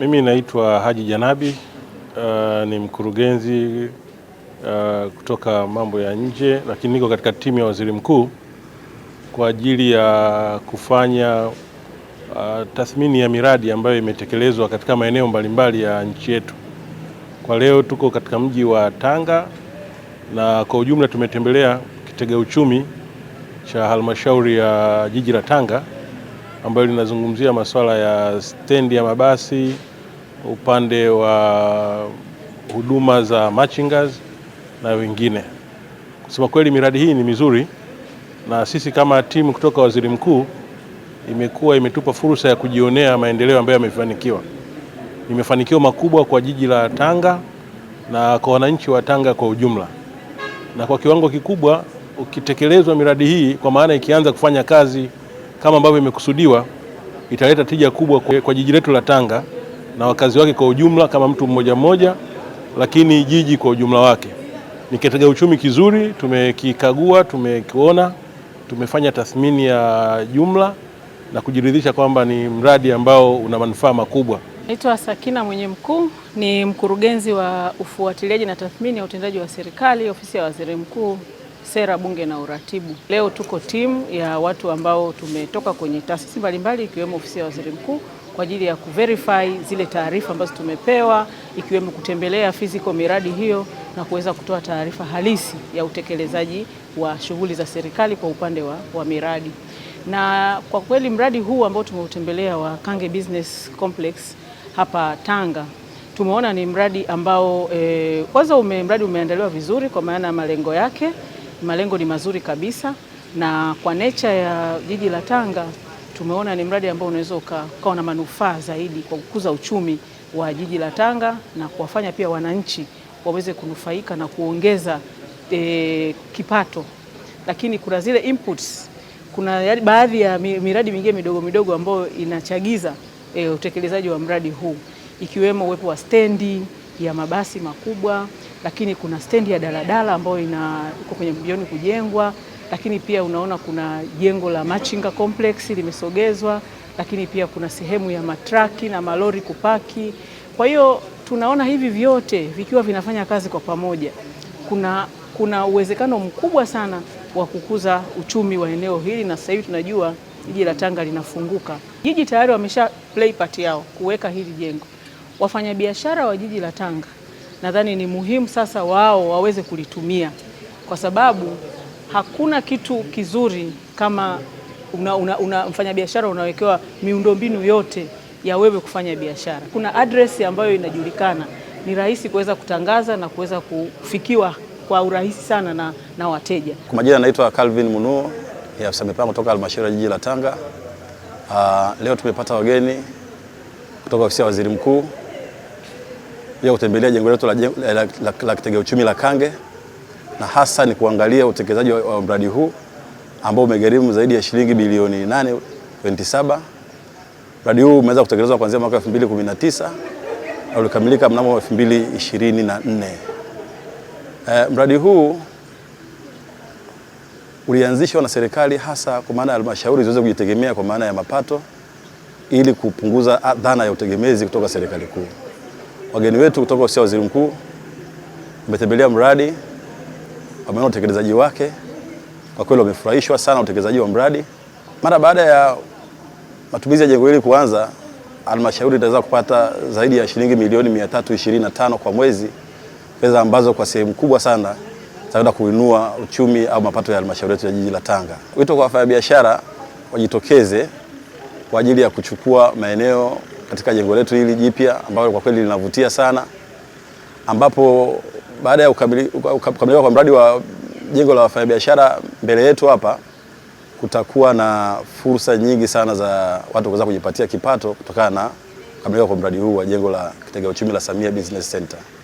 Mimi naitwa Haji Janabi, uh, ni mkurugenzi uh, kutoka mambo ya nje, lakini niko katika timu ya waziri mkuu kwa ajili ya kufanya uh, tathmini ya miradi ambayo imetekelezwa katika maeneo mbalimbali ya nchi yetu. Kwa leo tuko katika mji wa Tanga na kwa ujumla tumetembelea kitega uchumi cha halmashauri ya jiji la Tanga ambayo linazungumzia masuala ya stendi ya mabasi, upande wa huduma za machingas na wengine. Kusema kweli, miradi hii ni mizuri na sisi kama timu kutoka Waziri Mkuu imekuwa imetupa fursa ya kujionea maendeleo ambayo yamefanikiwa. Ni mafanikio makubwa kwa jiji la Tanga na kwa wananchi wa Tanga kwa ujumla. Na kwa kiwango kikubwa ukitekelezwa miradi hii, kwa maana ikianza kufanya kazi kama ambavyo imekusudiwa italeta tija kubwa kwa, kwa jiji letu la Tanga na wakazi wake kwa ujumla kama mtu mmoja mmoja, lakini jiji kwa ujumla wake. Ni kitega uchumi kizuri, tumekikagua, tumekiona, tumefanya tathmini ya jumla na kujiridhisha kwamba ni mradi ambao una manufaa makubwa. Naitwa Sakina Mwenye Mkuu, ni mkurugenzi wa ufuatiliaji na tathmini ya utendaji wa serikali, ofisi ya waziri mkuu sera, bunge na uratibu. Leo tuko timu ya watu ambao tumetoka kwenye taasisi mbalimbali ikiwemo ofisi ya waziri mkuu kwa ajili ya kuverify zile taarifa ambazo tumepewa ikiwemo kutembelea physical miradi hiyo na kuweza kutoa taarifa halisi ya utekelezaji wa shughuli za serikali kwa upande wa, wa miradi. Na kwa kweli mradi huu ambao tumeutembelea wa Kange Business Complex hapa Tanga tumeona ni mradi ambao eh, kwanza ume, mradi umeandaliwa vizuri kwa maana ya malengo yake malengo ni mazuri kabisa, na kwa necha ya jiji la Tanga tumeona ni mradi ambao unaweza ukawa na manufaa zaidi kwa kukuza uchumi wa jiji la Tanga na kuwafanya pia wananchi waweze kunufaika na kuongeza e, kipato. Lakini kuna zile inputs, kuna baadhi ya miradi mingine midogo midogo ambayo inachagiza e, utekelezaji wa mradi huu ikiwemo uwepo wa stendi ya mabasi makubwa lakini kuna stendi ya daladala ambayo ina iko kwenye mbioni kujengwa, lakini pia unaona kuna jengo la machinga complex limesogezwa, lakini pia kuna sehemu ya matraki na malori kupaki. Kwa hiyo tunaona hivi vyote vikiwa vinafanya kazi kwa pamoja, kuna kuna uwezekano mkubwa sana wa kukuza uchumi wa eneo hili, na sasa hivi tunajua jiji la Tanga linafunguka. Jiji tayari wamesha play part yao kuweka hili jengo. Wafanyabiashara wa jiji la Tanga nadhani ni muhimu sasa wao waweze kulitumia, kwa sababu hakuna kitu kizuri kama una, una, una mfanyabiashara unawekewa miundombinu yote ya wewe kufanya biashara. Kuna address ambayo inajulikana, ni rahisi kuweza kutangaza na kuweza kufikiwa kwa urahisi sana na, na wateja. Kwa majina anaitwa Calvin Munuo ni afisa mipango kutoka halmashauri ya jiji la Tanga. Uh, leo tumepata wageni kutoka ofisi ya waziri mkuu pia kutembelea jengo letu la, la, la, la, la kitega uchumi la Kange na hasa ni kuangalia utekelezaji wa, wa mradi huu ambao umegharimu zaidi ya shilingi bilioni 8.27. Mradi huu umeweza kutekelezwa kuanzia mwaka 2019 na ulikamilika mnamo 2024. E, eh, mradi huu ulianzishwa na serikali hasa kwa maana ya halmashauri ziweze kujitegemea kwa maana ya mapato ili kupunguza dhana ya utegemezi kutoka serikali kuu. Wageni wetu kutoka ofisi ya waziri mkuu wametembelea mradi, wameona utekelezaji wake. Kwa kweli wamefurahishwa sana utekelezaji wa mradi. Mara baada ya matumizi ya jengo hili kuanza, halmashauri itaweza kupata zaidi ya shilingi milioni 325 kwa mwezi, pesa ambazo kwa sehemu kubwa sana zitaenda kuinua uchumi au mapato ya halmashauri yetu ya jiji la Tanga. Wito kwa wafanyabiashara wajitokeze kwa ajili ya kuchukua maeneo katika jengo letu hili jipya ambalo kwa kweli linavutia sana, ambapo baada ya kukamilika kwa mradi wa jengo la wafanyabiashara mbele yetu hapa kutakuwa na fursa nyingi sana za watu kuweza kujipatia kipato kutokana na kukamilika kwa mradi huu wa jengo la kitega uchumi la Samia Business Center.